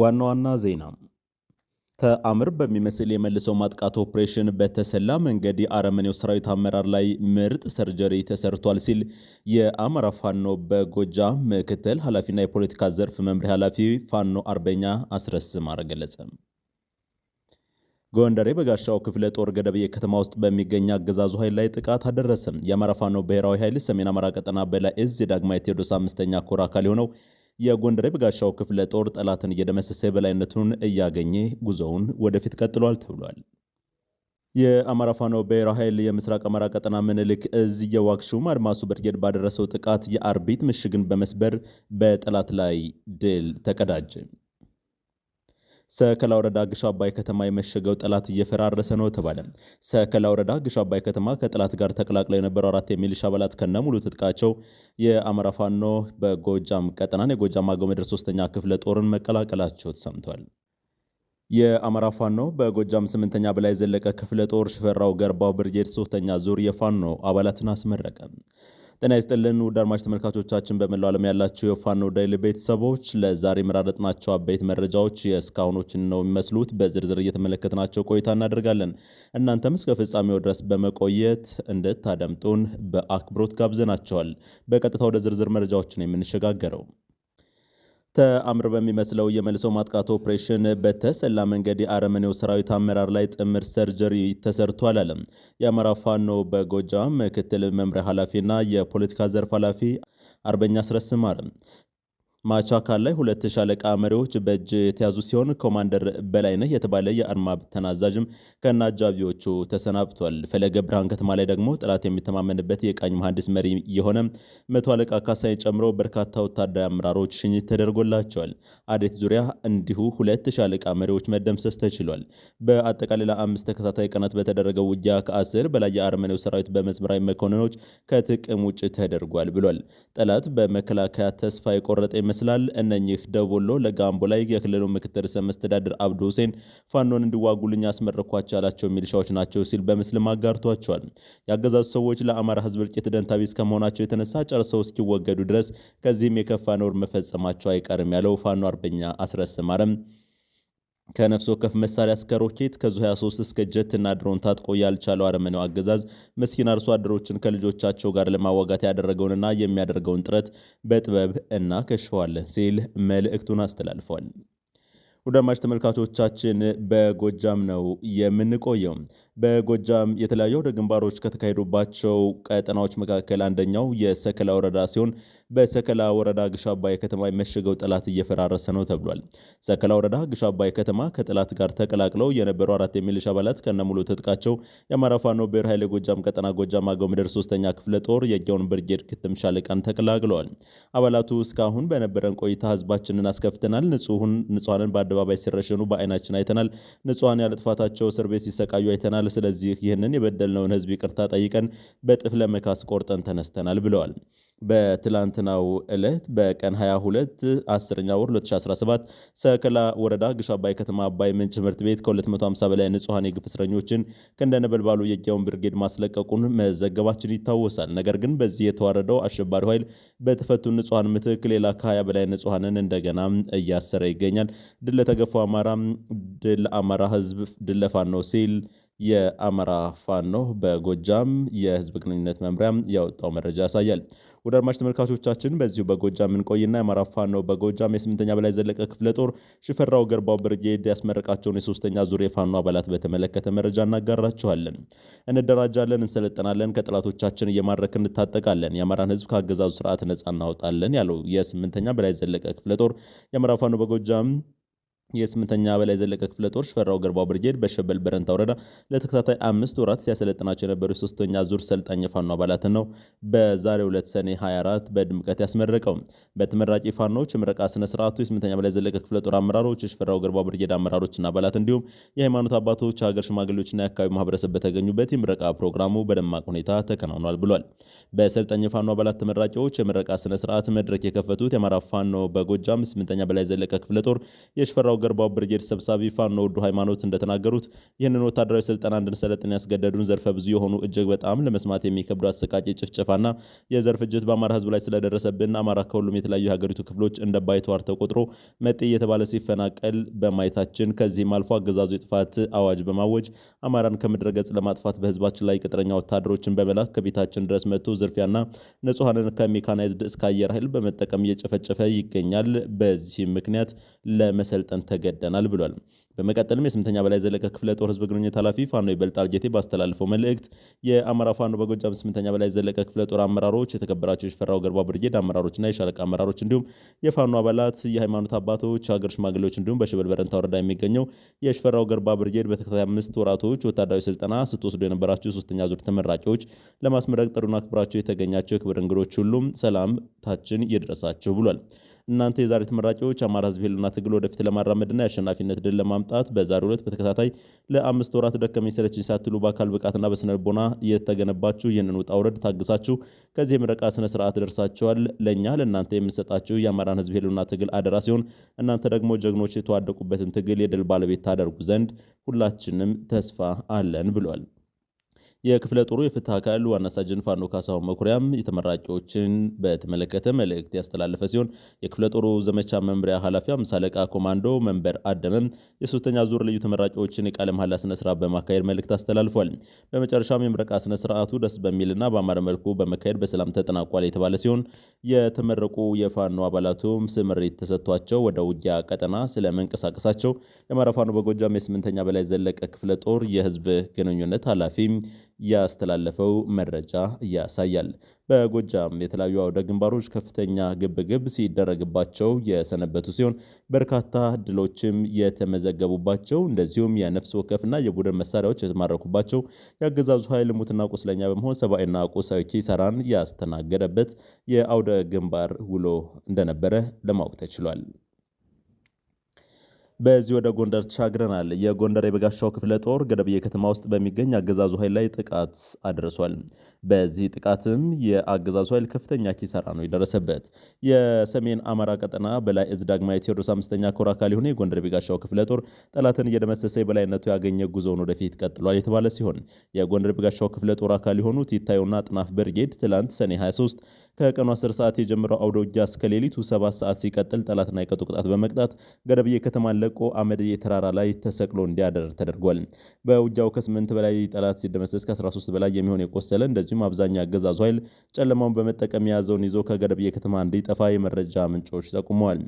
ዋና ዋና ዜና ተአምር በሚመስል የመልሰው ማጥቃት ኦፕሬሽን በተሰላ መንገድ የአረመኔው ሰራዊት አመራር ላይ ምርጥ ሰርጀሪ ተሰርቷል ሲል የአማራ ፋኖ በጎጃም ምክትል ኃላፊና የፖለቲካ ዘርፍ መምሪያ ኃላፊ ፋኖ አርበኛ አስረስ ማረ ገለጸ። ጎንደሬ በጋሻው ክፍለ ጦር ገደብዬ ከተማ ውስጥ በሚገኝ አገዛዙ ኃይል ላይ ጥቃት አደረሰም። የአማራ ፋኖ ብሔራዊ ኃይል ሰሜን አማራ ቀጠና በላይ እዝ የዳግማዊ ቴዎድሮስ አምስተኛ ኮር አካል የሆነው የጎንደር የበጋሻው ክፍለ ጦር ጠላትን እየደመሰሰ የበላይነቱን እያገኘ ጉዞውን ወደፊት ቀጥሏል ተብሏል። የአማራ ፋኖ ብሔራዊ ኃይል የምስራቅ አማራ ቀጠና ምንልክ እዝ የዋግሹም አድማሱ ብርጌድ ባደረሰው ጥቃት የአርቢት ምሽግን በመስበር በጠላት ላይ ድል ተቀዳጀ። ሰከላ ወረዳ ግሽ አባይ ከተማ የመሸገው ጠላት እየፈራረሰ ነው ተባለ። ሰከላ ወረዳ ግሽ አባይ ከተማ ከጠላት ጋር ተቀላቅለው የነበሩ አራት የሚሊሻ አባላት ከነ ሙሉ ትጥቃቸው የአማራ ፋኖ በጎጃም ቀጠናን የጎጃም አገው ምድር ሶስተኛ ክፍለ ጦርን መቀላቀላቸው ተሰምቷል። የአማራ ፋኖ በጎጃም ስምንተኛ በላይ ዘለቀ ክፍለ ጦር ሽፈራው ገርባው ብርጌድ ሶስተኛ ዙር የፋኖ አባላትን አስመረቀ። ጤና ይስጥልን ውድ አድማጭ ተመልካቾቻችን በመላው ዓለም ያላቸው የፋኖ ዳይሊ ቤተሰቦች ለዛሬ መራረጥናቸው አበይት መረጃዎች የእስካሁኖችን ነው የሚመስሉት። በዝርዝር እየተመለከትናቸው ቆይታ እናደርጋለን። እናንተም እስከ ፍጻሜው ድረስ በመቆየት እንድታደምጡን በአክብሮት ጋብዘናቸዋል። በቀጥታ ወደ ዝርዝር መረጃዎች ነው የምንሸጋገረው ተአምር በሚመስለው የመልሶ ማጥቃት ኦፕሬሽን በተሰላ መንገድ የአረመኔው ሰራዊት አመራር ላይ ጥምር ሰርጀሪ ተሰርቷል አለ የአማራ ፋኖ በጎጃም ምክትል መምሪያ ኃላፊና የፖለቲካ ዘርፍ ኃላፊ አርበኛ አስረስም አለ። ማቻካል ላይ ሁለት ሻለቃ መሪዎች በእጅ የተያዙ ሲሆን ኮማንደር በላይነህ የተባለ የአድማ ብተና አዛዥም ከነ አጃቢዎቹ ተሰናብቷል። ፈለገ ብርሃን ከተማ ላይ ደግሞ ጠላት የሚተማመንበት የቃኝ መሐንዲስ መሪ የሆነ መቶ አለቃ ካሳይን ጨምሮ በርካታ ወታደራዊ አመራሮች ሽኝት ተደርጎላቸዋል። አዴት ዙሪያ እንዲሁ ሁለት ሻለቃ መሪዎች መደምሰስ ተችሏል። በአጠቃላይ ለአምስት ተከታታይ ቀናት በተደረገው ውጊያ ከአስር በላይ የአርመኔው ሰራዊት በመስመራዊ መኮንኖች ከጥቅም ውጭ ተደርጓል ብሏል። ጠላት በመከላከያ ተስፋ የቆረጠ ይመስላል። እነኚህ ደቦሎ ለጋምቦ ላይ የክልሉ ምክትል ርዕሰ መስተዳድር አብዱ ሁሴን ፋኖን እንዲዋጉልኝ አስመረኳቸው ያላቸው ሚሊሻዎች ናቸው ሲል በምስልም አጋርቷቸዋል። የአገዛዙ ሰዎች ለአማራ ህዝብ እልቂት ደንታቢስ ከመሆናቸው የተነሳ ጨርሰው እስኪወገዱ ድረስ ከዚህም የከፋ ነውር መፈጸማቸው አይቀርም ያለው ፋኖ አርበኛ አስረስ ማረም ከነፍስ ወከፍ መሳሪያ እስከ ሮኬት ከዙ 23 እስከ ጀት እና ድሮን ታጥቆ ያልቻለው አረመኔው አገዛዝ ምስኪን አርሶ አደሮችን ከልጆቻቸው ጋር ለማዋጋት ያደረገውንና የሚያደርገውን ጥረት በጥበብ እናከሽፈዋለን ሲል መልእክቱን አስተላልፏል። ውድ አድማጭ ተመልካቾቻችን በጎጃም ነው የምንቆየው። በጎጃም የተለያዩ አውደ ግንባሮች ከተካሄዱባቸው ቀጠናዎች መካከል አንደኛው የሰከላ ወረዳ ሲሆን በሰከላ ወረዳ ግሻባይ ከተማ የመሸገው ጠላት እየፈራረሰ ነው ተብሏል። ሰከላ ወረዳ ግሻባይ ከተማ ከጠላት ጋር ተቀላቅለው የነበሩ አራት የሚሊሻ አባላት ከነሙሉ ትጥቃቸው የአማራ ፋኖ ብሔር ኃይል ጎጃም ቀጠና ጎጃም አገው ምድር ሶስተኛ ክፍለ ጦር የጊያውን ብርጌድ ክትም ሻለቃን ተቀላቅለዋል። አባላቱ እስካሁን በነበረን ቆይታ ህዝባችንን አስከፍተናል፣ ንጹሐንን በአደባባይ ሲረሸኑ በአይናችን አይተናል፣ ንጹሐን ያለጥፋታቸው እስር ቤት ሲሰቃዩ አይተናል ተነስተናል። ስለዚህ ይህንን የበደልነውን ህዝብ ይቅርታ ጠይቀን በጥፍ ለመካስ ቆርጠን ተነስተናል ብለዋል። በትላንትናው ዕለት በቀን 22 10ኛ ወር 2017 ሰከላ ወረዳ ግሽ አባይ ከተማ አባይ ምንጭ ትምህርት ቤት ከ250 በላይ ንጹሐን የግፍ እስረኞችን ከእንደነበልባሉ የጊያውን ብርጌድ ማስለቀቁን መዘገባችን ይታወሳል። ነገር ግን በዚህ የተዋረደው አሸባሪ ኃይል በተፈቱ ንጹሐን ምትክ ሌላ ከ20 በላይ ንጹሐንን እንደገና እያሰረ ይገኛል። ድል ለተገፋው አማራ፣ ድል አማራ ህዝብ፣ ድል ለፋኖ ሲል የአማራ ፋኖ በጎጃም የህዝብ ግንኙነት መምሪያ ያወጣው መረጃ ያሳያል። ወደ አድማጭ ተመልካቾቻችን በዚሁ በጎጃም እንቆይና የአማራ ፋኖ በጎጃም የስምንተኛ በላይ ዘለቀ ክፍለ ጦር ሽፈራው ገርባው ብርጌድ ያስመረቃቸውን የሶስተኛ ዙር የፋኖ አባላት በተመለከተ መረጃ እናጋራችኋለን። እንደራጃለን፣ እንሰለጠናለን፣ ከጠላቶቻችን እየማድረክ እንታጠቃለን፣ የአማራን ህዝብ ከአገዛዙ ስርዓት ነጻ እናወጣለን ያለው የስምንተኛ በላይ ዘለቀ ክፍለ ጦር የአማራ ፋኖ በጎጃም የስምንተኛ በላይ ዘለቀ ክፍለ ጦር ሽፈራው ገርባው ብርጌድ በሸበል በረንታ ወረዳ ለተከታታይ አምስት ወራት ሲያሰለጥናቸው የነበሩ የሶስተኛ ዙር ሰልጣኝ የፋኖ አባላትን ነው በዛሬ ሁለት ሰኔ 24 በድምቀት ያስመረቀው። በተመራቂ ፋኖዎች ምረቃ ስነ ስርዓቱ የስምንተኛ በላይ ዘለቀ ክፍለ ጦር አመራሮች፣ የሽፈራው ገርባው ብርጌድ አመራሮችና አባላት እንዲሁም የሃይማኖት አባቶች፣ ሀገር ሽማግሌዎችና የአካባቢ ማህበረሰብ በተገኙበት የምረቃ ፕሮግራሙ በደማቅ ሁኔታ ተከናውኗል ብሏል። በሰልጣኝ የፋኖ አባላት ተመራቂዎች የምረቃ ስነ ስርዓት መድረክ የከፈቱት የአማራ ፋኖ በጎጃም ስምንተኛ በላይ ዘለቀ ክፍለ ጦር የሽፈራው ገርባው ብርጌድ ሰብሳቢ ፋኖ ወዱ ሃይማኖት እንደተናገሩት ይህንን ወታደራዊ ስልጠና እንድንሰለጥን ያስገደዱን ዘርፈ ብዙ የሆኑ እጅግ በጣም ለመስማት የሚከብዱ አሰቃቂ ጭፍጨፋና የዘር ፍጅት በአማራ ህዝብ ላይ ስለደረሰብን አማራ ከሁሉም የተለያዩ የሀገሪቱ ክፍሎች እንደ ባይተዋር ተቆጥሮ መጤ እየተባለ ሲፈናቀል በማየታችን ከዚህም አልፎ አገዛዙ የጥፋት አዋጅ በማወጅ አማራን ከምድረ ገጽ ለማጥፋት በህዝባችን ላይ ቅጥረኛ ወታደሮችን በመላክ ከቤታችን ድረስ መጥቶ ዝርፊያና ንጹሐንን ከሜካናይዝድ እስከ አየር ኃይል በመጠቀም እየጨፈጨፈ ይገኛል። በዚህም ምክንያት ለመሰልጠን ተገደናል ብሏል። በመቀጠልም የስምንተኛ በላይ ዘለቀ ክፍለ ጦር ህዝብ ግንኙነት ኃላፊ ፋኖ ይበልጣል ጌቴ ባስተላልፈው መልእክት የአማራ ፋኖ በጎጃም ስምንተኛ በላይ ዘለቀ ክፍለ ጦር አመራሮች፣ የተከበራቸው የሽፈራው ገርባ ብርጌድ አመራሮችና የሻለቃ አመራሮች እንዲሁም የፋኖ አባላት፣ የሃይማኖት አባቶች፣ ሀገር ሽማግሌዎች እንዲሁም በሽበል በረንታ ወረዳ የሚገኘው የሽፈራው ገርባ ብርጌድ በተከታታይ አምስት ወራቶች ወታደራዊ ስልጠና ስትወስዶ የነበራቸው ሶስተኛ ዙር ተመራቂዎች ለማስመረቅ ጥሩን አክብራቸው የተገኛቸው የክብር እንግዶች ሁሉም ሰላም ታችን እየደረሳችሁ ብሏል። እናንተ የዛሬ ተመራቂዎች አማራ ህዝብ ህልና ትግል ወደፊት ለማራመድና የአሸናፊነት ድል ለማምጣት በዛሬ ሁለት በተከታታይ ለአምስት ወራት ደከመኝ ሰለቸኝ ሳትሉ በአካል ብቃትና በስነልቦና እየተገነባችሁ ይህንን ውጣ ውረድ ታግሳችሁ ከዚህ የምረቃ ስነ ስርዓት ደርሳችኋል። ለእኛ ለእናንተ የምንሰጣችሁ የአማራን ህዝብ ህልና ትግል አደራ ሲሆን እናንተ ደግሞ ጀግኖች የተዋደቁበትን ትግል የድል ባለቤት ታደርጉ ዘንድ ሁላችንም ተስፋ አለን ብሏል። የክፍለ ጦሩ የፍትህ አካል ዋና ሳጅን ፋኖ ካሳሁን መኩሪያም የተመራቂዎችን በተመለከተ መልእክት ያስተላለፈ ሲሆን የክፍለ ጦሩ ዘመቻ መምሪያ ኃላፊ አምሳ አለቃ ኮማንዶ መንበር አደመም የሶስተኛ ዙር ልዩ ተመራቂዎችን የቃለ መሃላ ስነስርዓት በማካሄድ መልእክት አስተላልፏል። በመጨረሻም የምረቃ ስነስርዓቱ ደስ በሚልና በአማረ መልኩ በመካሄድ በሰላም ተጠናቋል የተባለ ሲሆን የተመረቁ የፋኖ አባላቱም ስምሪት ተሰጥቷቸው ወደ ውጊያ ቀጠና ስለመንቀሳቀሳቸው የአማራ ፋኖ በጎጃም የስምንተኛ በላይ ዘለቀ ክፍለ ጦር የህዝብ ግንኙነት ኃላፊ ያስተላለፈው መረጃ ያሳያል። በጎጃም የተለያዩ አውደ ግንባሮች ከፍተኛ ግብግብ ሲደረግባቸው የሰነበቱ ሲሆን በርካታ ድሎችም የተመዘገቡባቸው እንደዚሁም የነፍስ ወከፍና የቡድን መሳሪያዎች የተማረኩባቸው የአገዛዙ ኃይል ሙትና ቁስለኛ በመሆን ሰብአዊና ቁሳዊ ኪሳራን ያስተናገደበት የአውደ ግንባር ውሎ እንደነበረ ለማወቅ ተችሏል። በዚህ ወደ ጎንደር ተሻግረናል። የጎንደር የበጋሻው ክፍለ ጦር ገደብዬ ከተማ ውስጥ በሚገኝ አገዛዙ ኃይል ላይ ጥቃት አድርሷል። በዚህ ጥቃትም የአገዛዙ ኃይል ከፍተኛ ኪሳራ ነው የደረሰበት። የሰሜን አማራ ቀጠና በላይ እዝ ዳግማዊ ቴዎድሮስ አምስተኛ ኮር አካል የሆነ የጎንደር የበጋሻው ክፍለ ጦር ጠላትን እየደመሰሰ የበላይነቱ ያገኘ ጉዞውን ወደፊት ቀጥሏል የተባለ ሲሆን የጎንደር የበጋሻው ክፍለ ጦር አካል የሆኑት ይታየውና ጥናፍ ብርጌድ ትላንት ሰኔ 23 ከቀኑ 10 ሰዓት የጀመረው አውደ ውጊያ እስከ ሌሊቱ 7 ሰዓት ሲቀጥል ጠላትና የቀጡ ቅጣት በመቅጣት ገደብዬ ከተማን ለቆ አመድዬ ተራራ ላይ ተሰቅሎ እንዲያደር ተደርጓል። በውጊያው ከ8 በላይ ጠላት ሲደመሰስ ከ13 በላይ የሚሆን የቆሰለ እንደዚሁም አብዛኛ አገዛዙ ኃይል ጨለማውን በመጠቀም የያዘውን ይዞ ከገደብዬ ከተማ እንዲጠፋ የመረጃ ምንጮች ጠቁመዋል።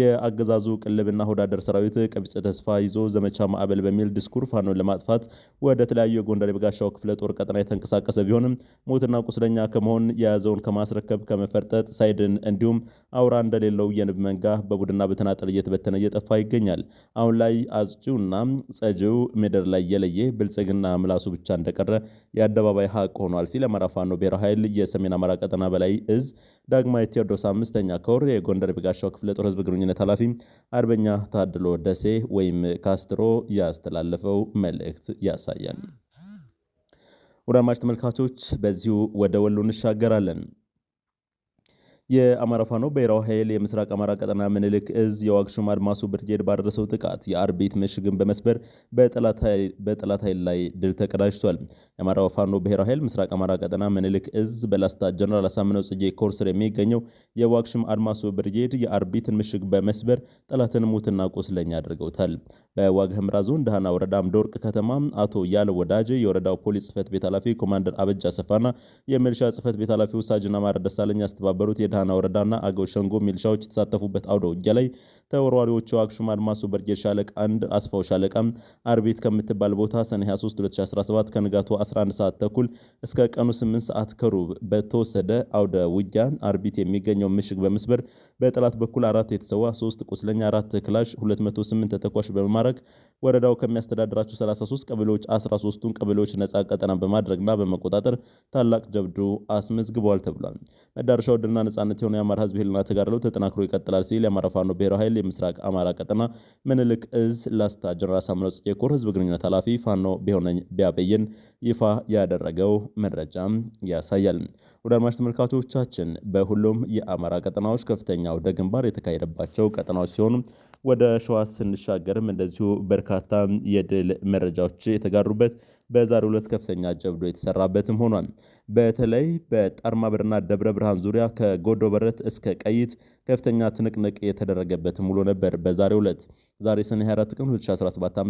የአገዛዙ ቅልብና ሆዳደር ሰራዊት ቀቢጸ ተስፋ ይዞ ዘመቻ ማዕበል በሚል ዲስኩር ፋኖን ለማጥፋት ወደ ተለያዩ የጎንደር የበጋሻው ክፍለ ጦር ቀጠና የተንቀሳቀሰ ቢሆንም ሞትና ቁስለኛ ከመሆን የያዘውን ከማስረ መርከብ ከመፈርጠጥ ሳይድን እንዲሁም አውራ እንደሌለው የንብ መንጋ በቡድና በተናጠል እየተበተነ እየጠፋ ይገኛል። አሁን ላይ አጭውና ጸጂው ምድር ላይ የለየ ብልጽግና ምላሱ ብቻ እንደቀረ የአደባባይ ሀቅ ሆኗል ሲል የአማራ ፋኖ ብሔራዊ ኃይል የሰሜን አማራ ቀጠና በላይ እዝ ዳግማዊ ቴዎድሮስ አምስተኛ ከወር የጎንደር ቢጋሻው ክፍለ ጦር ህዝብ ግንኙነት ኃላፊ አርበኛ ታድሎ ደሴ ወይም ካስትሮ ያስተላለፈው መልእክት ያሳያል። ውድ አድማጭ ተመልካቾች በዚሁ ወደ ወሎ እንሻገራለን። የአማራ ፋኖ ብሔራዊ ኃይል የምስራቅ አማራ ቀጠና ምኒልክ እዝ የዋግሹም አድማሱ ብርጌድ ባደረሰው ጥቃት የአርቢት ምሽግን በመስበር በጠላት ኃይል ላይ ድል ተቀዳጅቷል። የአማራ ፋኖ ብሔራዊ ኃይል ምስራቅ አማራ ቀጠና ምኒልክ እዝ በላስታ ጀነራል አሳምነው ጽጌ ኮርስር የሚገኘው የዋግሹም አድማሱ ብርጌድ የአርቢትን ምሽግ በመስበር ጠላትን ሙትና ቁስለኛ አድርገውታል። በዋግ ህምራ ዞን ወረዳ አምደወርቅ ከተማ አቶ ያለ ወዳጅ የወረዳው ፖሊስ ጽፈት ቤት ኃላፊ ኮማንደር አበጃ ሰፋና የሚልሻ ጽፈት ቤት ኃላፊው ሳጅን አማረ ደሳለኝ ያስተባበሩት ዳህና ወረዳና አገው ሸንጎ ሚልሻዎች የተሳተፉበት አውደ ውጊያ ላይ ተወርዋሪዎቹ አክሹም አድማሱ በርጌድ ሻለቃ አንድ አስፋው ሻለቃ አርቤት ከምትባል ቦታ ሰኔ 23 2017 ከንጋቱ 11 ሰዓት ተኩል እስከ ቀኑ 8 ሰዓት ከሩብ በተወሰደ አውደ ውጊያ አርቢት የሚገኘው ምሽግ በመስበር በጠላት በኩል አራት የተሰዋ ሶስት ቁስለኛ አራት ክላሽ 208 ተተኳሽ በመማረክ ወረዳው ከሚያስተዳድራቸው 33 ቀበሌዎች 13ቱን ቀበሌዎች ነጻ ቀጠና በማድረግና በመቆጣጠር ታላቅ ጀብዱ አስመዝግበዋል ተብሏል። መዳረሻው ድልና ነጻ ነጻነት የሆነ የአማራ ህዝብ ህልና ተጋድሎ ተጠናክሮ ይቀጥላል ሲል የአማራ ፋኖ ብሔራዊ ኃይል የምስራቅ አማራ ቀጠና ምኒልክ እዝ ላስታ ጀነራል ሳምነው ጽጌ ኮር ህዝብ ግንኙነት ኃላፊ ፋኖ ቢሆነኝ ቢያበይን ይፋ ያደረገው መረጃ ያሳያል። ወደ አድማጭ ተመልካቾቻችን በሁሉም የአማራ ቀጠናዎች ከፍተኛ ወደ ግንባር የተካሄደባቸው ቀጠናዎች ሲሆኑ ወደ ሸዋ ስንሻገርም እንደዚሁ በርካታ የድል መረጃዎች የተጋሩበት በዛሬው ዕለት ከፍተኛ ጀብዶ የተሰራበትም ሆኗል። በተለይ በጣርማበርና ደብረ ብርሃን ዙሪያ ከጎዶ በረት እስከ ቀይት ከፍተኛ ትንቅንቅ የተደረገበትም ውሎ ነበር በዛሬው ዕለት ዛሬ ሰኔ 24 ቀን 2017 ዓ.ም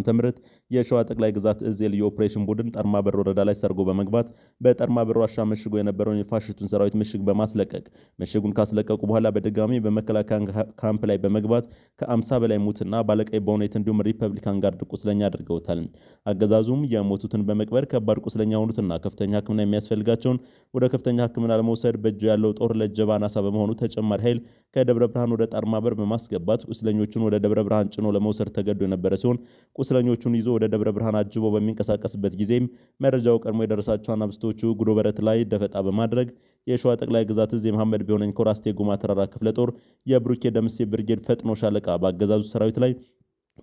የሸዋ ጠቅላይ ግዛት እዝ የልዩ ኦፕሬሽን ቡድን ጠርማ በር ወረዳ ላይ ሰርጎ በመግባት በጠርማ በር ዋሻ መሽጎ የነበረውን የፋሽቱን ሰራዊት ምሽግ በማስለቀቅ ምሽጉን ካስለቀቁ በኋላ በድጋሚ በመከላከያ ካምፕ ላይ በመግባት ከ50 በላይ ሙትና ባለቀይ በሁኔት እንዲሁም ሪፐብሊካን ጋርድ ቁስለኛ አድርገውታል። አገዛዙም የሞቱትን በመቅበር ከባድ ቁስለኛ የሆኑትና ከፍተኛ ሕክምና የሚያስፈልጋቸውን ወደ ከፍተኛ ሕክምና ለመውሰድ በእጁ ያለው ጦር ለጀባ አናሳ በመሆኑ ተጨማሪ ኃይል ከደብረ ብርሃን ወደ ጠርማ በር በማስገባት ቁስለኞቹን ወደ ደብረ ብርሃን ጭኖ ለመውሰድ ተገዶ የነበረ ሲሆን ቁስለኞቹን ይዞ ወደ ደብረ ብርሃን አጅቦ በሚንቀሳቀስበት ጊዜም መረጃው ቀድሞ የደረሳቸው አናብስቶቹ ጉዶ በረት ላይ ደፈጣ በማድረግ የሸዋ ጠቅላይ ግዛት እዝ የመሐመድ ቢሆነኝ ኮራስቴ ጉማ ተራራ ክፍለ ጦር የብሩኬ ደምሴ ብርጌድ ፈጥኖ ሻለቃ በአገዛዙ ሰራዊት ላይ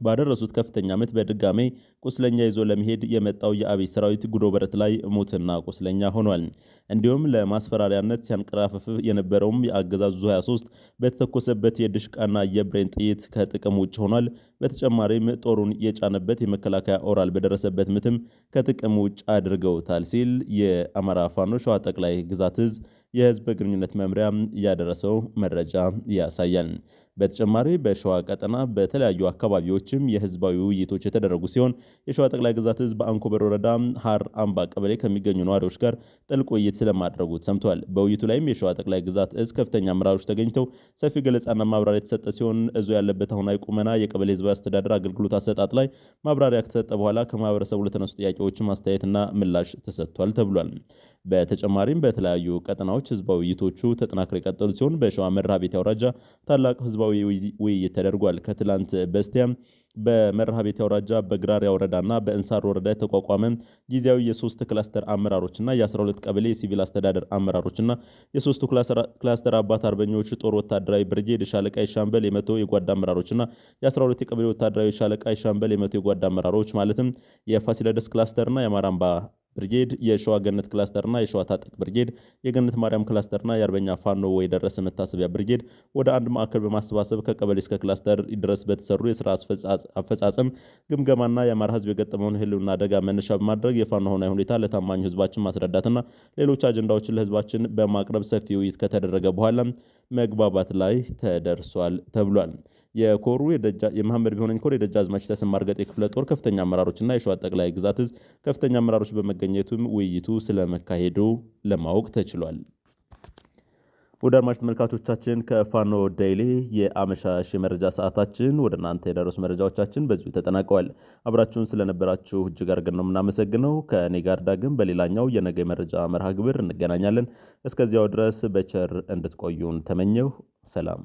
ባደረሱት ከፍተኛ ምት በድጋሜ ቁስለኛ ይዞ ለመሄድ የመጣው የአብይ ሰራዊት ጉዶ በረት ላይ ሙትና ቁስለኛ ሆኗል። እንዲሁም ለማስፈራሪያነት ሲያንቀራፍፍ የነበረውም የአገዛዙ 23 በተተኮሰበት የድሽቃና የብሬን ጥይት ከጥቅም ውጭ ሆኗል። በተጨማሪም ጦሩን የጫነበት የመከላከያ ኦራል በደረሰበት ምትም ከጥቅም ውጭ አድርገውታል ሲል የአማራ ፋኖ ሸዋ ጠቅላይ ግዛት የህዝብ ግንኙነት መምሪያ ያደረሰው መረጃ ያሳያል። በተጨማሪ በሸዋ ቀጠና በተለያዩ አካባቢዎችም የህዝባዊ ውይይቶች የተደረጉ ሲሆን የሸዋ ጠቅላይ ግዛት ህዝብ አንኮበር ወረዳ ሀር አምባ ቀበሌ ከሚገኙ ነዋሪዎች ጋር ጥልቅ ውይይት ስለማድረጉ ሰምተዋል። በውይይቱ ላይም የሸዋ ጠቅላይ ግዛት እዝ ከፍተኛ አመራሮች ተገኝተው ሰፊ ገለጻና ማብራሪያ የተሰጠ ሲሆን እዙ ያለበት አሁናዊ ቁመና፣ የቀበሌ ህዝባዊ አስተዳደር አገልግሎት አሰጣጥ ላይ ማብራሪያ ከተሰጠ በኋላ ከማህበረሰቡ ለተነሱ ጥያቄዎች ማስተያየትና ምላሽ ተሰጥቷል ተብሏል። በተጨማሪም በተለያዩ ቀጠናዎች ከተሞች ህዝባዊ ውይይቶቹ ተጠናክረው የቀጠሉ ሲሆን በሸዋ መርሐቤቴ አውራጃ ታላቅ ህዝባዊ ውይይት ተደርጓል። ከትላንት በስቲያ በመርሐቤቴ አውራጃ በግራሪያ ወረዳና በእንሳር ወረዳ የተቋቋመ ጊዜያዊ የሶስት ክላስተር አመራሮችና የ12 ቀበሌ የሲቪል አስተዳደር አመራሮችና የሶስቱ ክላስተር አባት አርበኞች ጦር ወታደራዊ ብርጌድ ሻለቃ የሻምበል የመቶ የጓዳ አመራሮችና የ12 የቀበሌ ወታደራዊ ሻለቃ የሻምበል የመቶ የጓዳ አመራሮች ማለትም የፋሲለደስ ክላስተርና የአማራምባ ብርጌድ፣ የሸዋ ገነት ክላስተርና የሸዋ ታጠቅ ብርጌድ፣ የገነት ማርያም ክላስተርና የአርበኛ ፋኖ ወይ ደረስ መታሰቢያ ብርጌድ ወደ አንድ ማዕከል በማሰባሰብ ከቀበሌ እስከ ክላስተር ድረስ በተሰሩ የስራ አፈጻጸም ግምገማና የአማራ ህዝብ የገጠመውን ህልውና አደጋ መነሻ በማድረግ የፋኖ ሆናዊ ሁኔታ ለታማኝ ህዝባችን ማስረዳትና ሌሎች አጀንዳዎችን ለህዝባችን በማቅረብ ሰፊ ውይይት ከተደረገ በኋላ መግባባት ላይ ተደርሷል ተብሏል። የኮሩ የመሐመድ ቢሆነኝ ኮር የደጃዝማች ተሰማ እርገጤ ክፍለ ጦር ከፍተኛ አመራሮችና የሸዋ ጠቅላይ ግዛት ከፍተኛ አመራሮች በመገ በመገኘቱም ውይይቱ ስለመካሄዱ ለማወቅ ተችሏል። ወደ አድማጭ ተመልካቾቻችን ከፋኖ ዴይሊ የአመሻሽ መረጃ ሰዓታችን ወደ እናንተ የደረሱ መረጃዎቻችን በዚሁ ተጠናቀዋል። አብራችሁን ስለነበራችሁ እጅግ አድርገን ነው የምናመሰግነው። ከእኔ ጋር ዳግም በሌላኛው የነገ መረጃ መርሃ ግብር እንገናኛለን። እስከዚያው ድረስ በቸር እንድትቆዩን ተመኘሁ። ሰላም